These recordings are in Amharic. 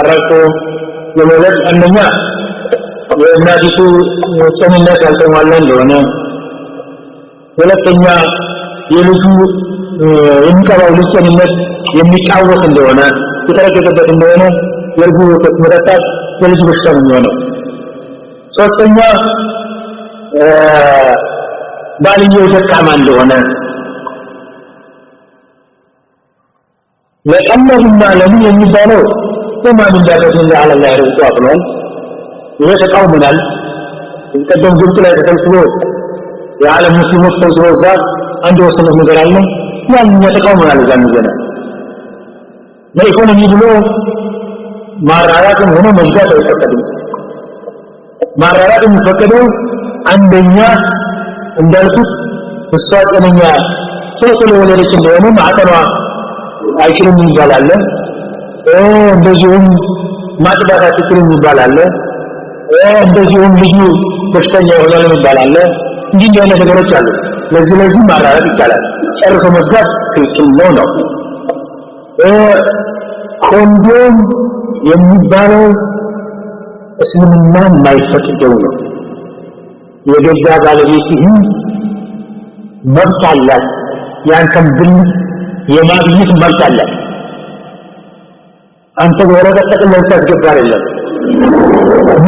አራቶ የመውለድ አንደኛ የእናቲቱ ጤንነት ያልተሟላ እንደሆነ፣ ሁለተኛ የልጁ የሚቀባው ልጅ ጤንነት የሚጫወስ እንደሆነ የተረገጠበት እንደሆነ የልጁ ወተት መጠጣት የልጁ በሽታ ነው የሚሆነው። ሶስተኛ ባልየው ደካማ እንደሆነ ለቀለብና ለምን የሚባለው ኡማም እንዳደረጉ አለ ላይ ርንቋ ብሏል። ይሄ ተቃውመናል። ቀደም ግብፅ ላይ ተሰብስቦ የዓለም ሙስሊሞች ተሰብስቦ እዛ አንድ የወሰኑት ነገር አለ። ያን እኛ እዛ ሚዘና ለኢኮኖሚ ብሎ ማራራቅም ሆነ መዝጋት አይፈቀድም። ማራራት የሚፈቀደው አንደኛ እንዳልኩት እሷ ጤነኛ ቶሎ ቶሎ እንደሆነ ማዕጠኗ አይችልም ይባላለን እንደዚሁም ማጥባት አትችልም ይባላል። እንደዚሁም ልዩ በሽተኛ ይሆናል ይባላል። እንዲህ እንዲህ አይነት ነገሮች አሉ። ለዚህ ለዚህ ማራረቅ ይቻላል። ጨርሶ መዝጋት ክልክል ነው ነው ኮንዶም የሚባለው እስልምና የማይፈቅደው ነው። የገዛ ባለቤትህን መብት አላት። ያንተም ብል የማግኘት መብት አላት። አንተ በወረቀት ለብሳ አስገባር የለም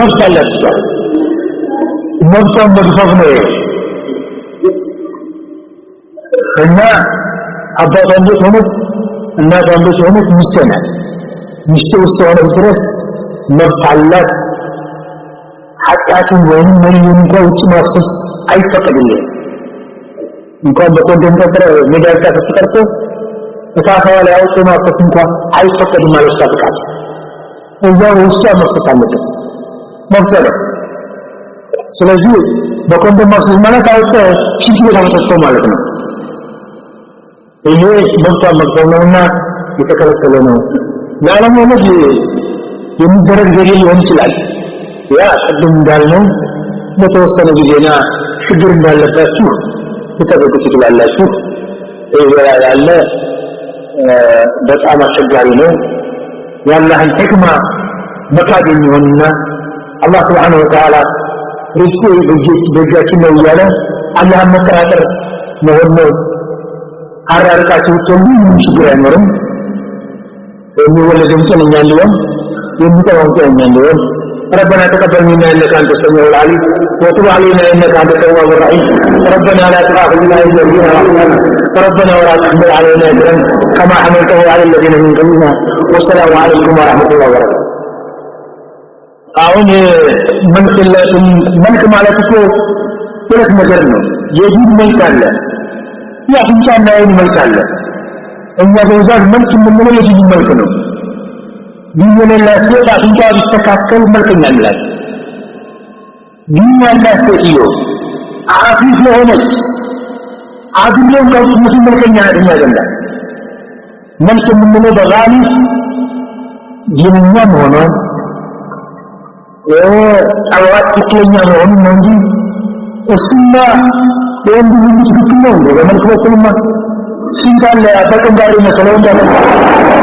መብት አላት እሷ መብቷን መግፈፍ ነው እና አባቷ እንዴት ሆኖ እናቷ እንዴት ሆኖ ሚስቴ ናት ሚስቴ ውስጥ ሆነ ድረስ መብት አላት ኃጢአቱን ወይም ነዩን እንኳ ውጭ ማፍሰስ አይፈቀድልም እንኳን በኮንደም ቀጥረ ሜዳ ቃ ተቀርቶ እሳሳዋ ላይ አውጥቶ ማፍሰስ እንኳን አይፈቀድም ማለት ታጥቃጭ እዛው ውስጥ መፍሰስ አለበት መብት ነው። ስለዚህ በኮንዶም ማፍሰስ ማለት አውጥቶ ሽንት ቤት አፈሰስከው ማለት ነው። ይሄ መብቷን መቅበል ነውና የተከለከለ ነው። ላለመውለድ የሚደረግ ዘዴ ሊሆን ይችላል። ያ ቅድም እንዳልነው በተወሰነ ጊዜና ችግር እንዳለባችሁ ልጠብቁት ትችላላችሁ። ያለ በጣም አስቸጋሪ ነው። የአላህን ሕክማ መካድ የሚሆንና አላህ ስብሓነ ወተዓላ ሪዝቁ በእጃችን ነው እያለ አላህን መጠራጠር መሆን ነው። አራርቃችሁ ብትወልዱ ምንም ችግር አይኖርም። የሚወለደው ጤነኛ እንዲሆን የሚጠራው ጤነኛ እንዲሆን ربنا تقبل منا انك انت السميع العليم وتب علينا انك انت التواب الرحيم ربنا لا تؤاخذنا ان نسينا رحمنا ربنا ولا تحمل علينا اجرا كما حملته على الذين من قبلنا والسلام عليكم ورحمه الله وبركاته አሁን መልክ የለትም መልክ ማለት እኮ ሁለት ነገር ነው የዲን መልክ አለ የአፍንጫና የአይን መልክ አለ እኛ በብዛት መልክ የምንለው የዲን መልክ ነው ግን ሴት አፍንጫ ቢስተካከል መልከኛ ይላል። ግን ሴትዮ አፊፍ መልከኛ መልክ የምንለው ጅንኛ ጠዋት ትክክለኛ ነው እንጂ እሱማ የወንድ ልጅ ትክክል ነው በመልክ በኩልማ ሲንታለ መሰለው እንዳለ